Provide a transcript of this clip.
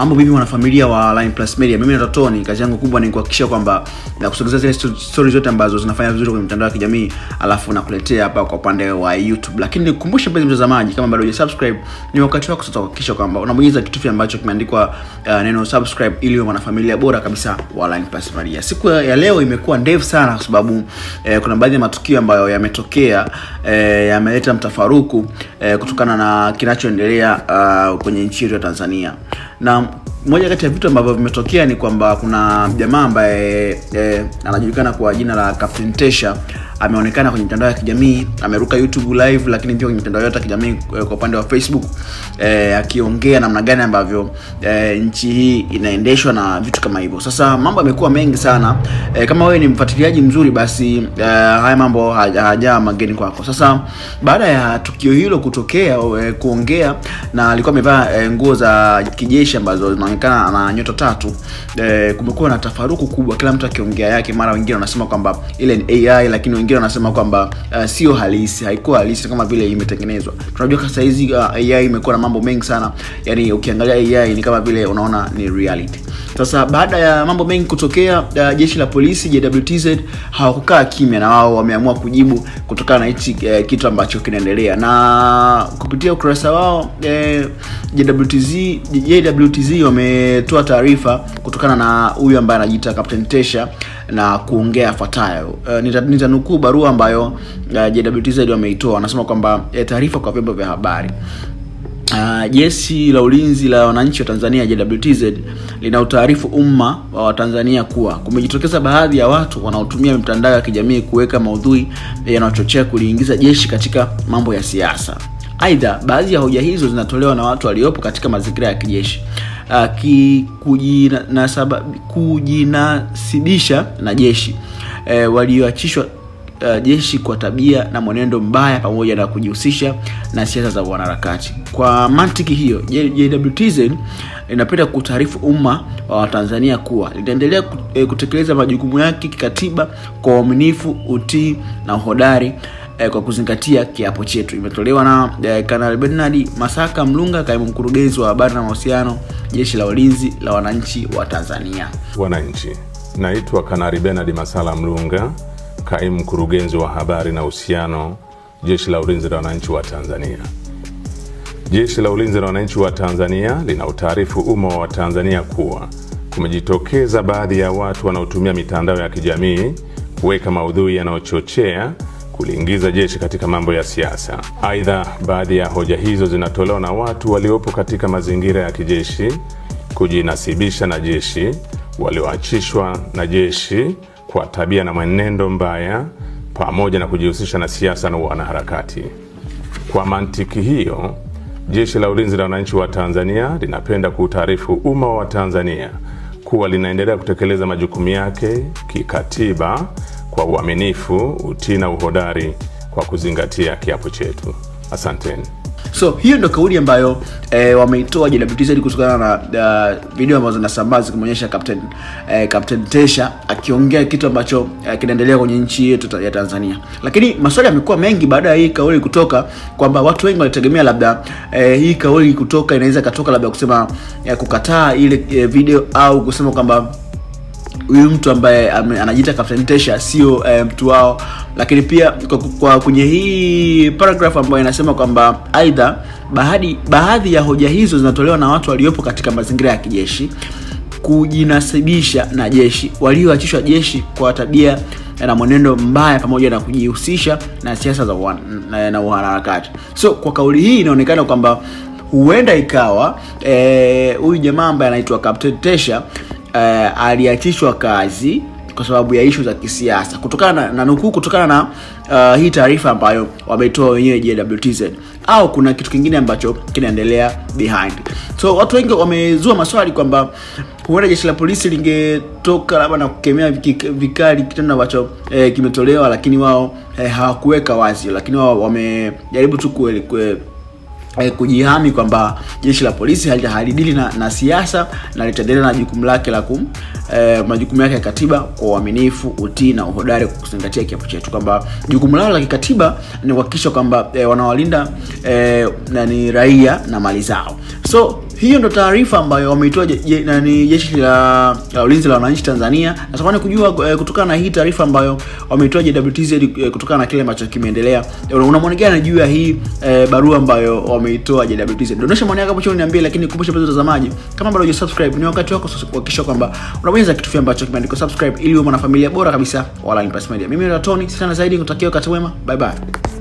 Mambo mimi wanafamilia wa Line Plus Media? Mimi na kazi yangu kubwa ni kuhakikisha kwamba na kusogeza zile stories zote ambazo zinafanya vizuri kwenye mtandao wa kijamii, alafu nakuletea hapa kwa upande wa YouTube. Lakini nikukumbushe mpenzi mtazamaji, kama bado hujasubscribe, ni wakati wako sasa kuhakikisha kwamba unabonyeza kitufe ambacho kimeandikwa uh, neno subscribe, ili uwe mwanafamilia bora kabisa wa Line Plus Siku ya leo imekuwa ndefu sana kwa sababu eh, kuna baadhi ya matukio ambayo yametokea eh, yameleta mtafaruku eh, kutokana na kinachoendelea uh, kwenye nchi yetu ya Tanzania na moja kati ya vitu ambavyo vimetokea ni kwamba kuna jamaa ambaye eh, anajulikana kwa jina la Captain Tesha ameonekana kwenye mitandao ya kijamii, ameruka YouTube live, lakini pia kwenye mitandao yote ya kijamii eh, kwa upande wa Facebook eh, akiongea namna gani ambavyo eh, nchi hii inaendeshwa na vitu kama hivyo. Sasa mambo yamekuwa mengi sana eh, kama wewe ni mfuatiliaji mzuri, basi eh, haya mambo hajaa mageni kwako. Sasa baada ya tukio hilo kutokea eh, kuongea na alikuwa amevaa eh, nguo za kijeshi ambazo zinaonekana na nyota tatu eh, kumekuwa na tafaruku kubwa, kila mtu akiongea yake, mara wengine wanasema kwamba ile ni AI lakini wengine wanasema kwamba uh, sio halisi, haikuwa halisi kama vile imetengenezwa. Tunajua sasa hizi uh, AI imekuwa na mambo mengi sana, yani ukiangalia AI ni kama vile unaona ni reality. Sasa baada ya mambo mengi kutokea, uh, jeshi la polisi JWTZ hawakukaa kimya, na wao wameamua kujibu kutokana na hichi eh, kitu ambacho kinaendelea, na kupitia ukurasa wao eh, JWTZ wametoa taarifa kutokana na huyu ambaye anajiita Captain Tesha na kuongea yafuatayo. Uh, nitanukuu barua ambayo uh, eh, JWTZ wameitoa, wanasema kwamba uh, taarifa kwa vyombo vya habari Uh, jeshi la ulinzi la wananchi wa Tanzania JWTZ lina utaarifu umma wa Watanzania kuwa kumejitokeza baadhi ya watu wanaotumia mitandao ya kijamii kuweka maudhui yanayochochea kuliingiza jeshi katika mambo ya siasa. Aidha, baadhi ya hoja hizo zinatolewa na watu waliopo katika mazingira ya kijeshi ah, kujinasibisha na jeshi e, walioachishwa uh, jeshi kwa tabia na mwenendo mbaya pamoja na kujihusisha na siasa za wanaharakati. Kwa mantiki hiyo, JWTZ inapenda kutaarifu umma wa Watanzania kuwa litaendelea eh, kutekeleza majukumu yake kikatiba kwa uaminifu, utii na uhodari eh, kwa kuzingatia kiapo chetu. Imetolewa na eh, Kanali Bernard Masaka Mlunga, kaimu mkurugenzi wa habari na mahusiano, jeshi la ulinzi la wananchi wa Tanzania. Wananchi, naitwa Kanali Bernard Masala Mlunga, kaimu mkurugenzi wa habari na uhusiano, Jeshi la Ulinzi la Wananchi wa Tanzania. Jeshi la Ulinzi la Wananchi wa Tanzania lina utaarifu umma wa Watanzania kuwa kumejitokeza baadhi ya watu wanaotumia mitandao ya kijamii kuweka maudhui yanayochochea kuliingiza jeshi katika mambo ya siasa. Aidha, baadhi ya hoja hizo zinatolewa na watu waliopo katika mazingira ya kijeshi, kujinasibisha na jeshi, walioachishwa na jeshi kwa tabia na mwenendo mbaya pamoja na kujihusisha na siasa na wanaharakati. Kwa mantiki hiyo, Jeshi la Ulinzi la Wananchi wa Tanzania linapenda kuutaarifu umma wa Tanzania kuwa linaendelea kutekeleza majukumu yake kikatiba kwa uaminifu, utii na uhodari kwa kuzingatia kiapo chetu. Asanteni. So hiyo ndo kauli ambayo eh, wameitoa JWTZ kutokana na uh, video ambazo zinasambaa zikimonyesha Captain eh, Captain Tesha akiongea kitu ambacho eh, kinaendelea kwenye nchi yetu ya Tanzania. Lakini maswali yamekuwa mengi baada ya hii kauli kutoka kwamba watu wengi walitegemea labda eh, hii kauli kutoka inaweza katoka labda kusema eh, kukataa ile eh, video au kusema kwamba huyu mtu ambaye anajiita Captain Tesha sio eh, mtu wao, lakini pia kwa, kwa kwenye hii paragraph ambayo inasema kwamba aidha baadhi baadhi ya hoja hizo zinatolewa na watu waliopo katika mazingira ya kijeshi kujinasibisha na jeshi, walioachishwa jeshi kwa tabia eh, na mwenendo mbaya pamoja na kujihusisha na siasa za wan, na uharakati. So kwa kauli hii inaonekana kwamba huenda ikawa eh, huyu e, jamaa ambaye anaitwa Captain Tesha uh, aliachishwa kazi kwa sababu ya ishu za kisiasa kutokana na, na nukuu kutokana na uh, hii taarifa ambayo wametoa wenyewe JWTZ, au kuna kitu kingine ambacho kinaendelea behind. So watu wengi wamezua maswali kwamba huenda jeshi la polisi lingetoka labda na kukemea vikali kitendo ambacho eh, kimetolewa, lakini wao eh, hawakuweka wazi, lakini wao wamejaribu tu E, kujihami kwamba jeshi la polisi halidili na, na siasa na litaendelea na jukumu lake la kum e, majukumu yake ya katiba kwa uaminifu, utii na uhodari kwa kuzingatia kiapo chetu, kwamba jukumu lao la kikatiba ni kuhakikisha kwamba e, wanawalinda e, na ni raia na mali zao so hiyo ndo taarifa ambayo wameitoa nani jeshi la ulinzi la wananchi Tanzania. Natamani kujua eh, kutokana na hii taarifa ambayo wameitoa JWTZ eh, kutokana na kile ambacho kimeendelea, unamwona gani juu ya hii e, barua ambayo wameitoa JWTZ? Dondosha maoni yako hapo chini niambie, lakini kumbusha mpenzi mtazamaji, kama bado hujasubscribe, ni wakati wako sasa kuhakikisha kwamba unabonyeza kitufe ambacho kimeandikwa subscribe ili uwe mwanafamilia bora kabisa wa Online Plus Media. Mimi ni Tony, sana zaidi, nikutakia wakati mwema. Bye bye.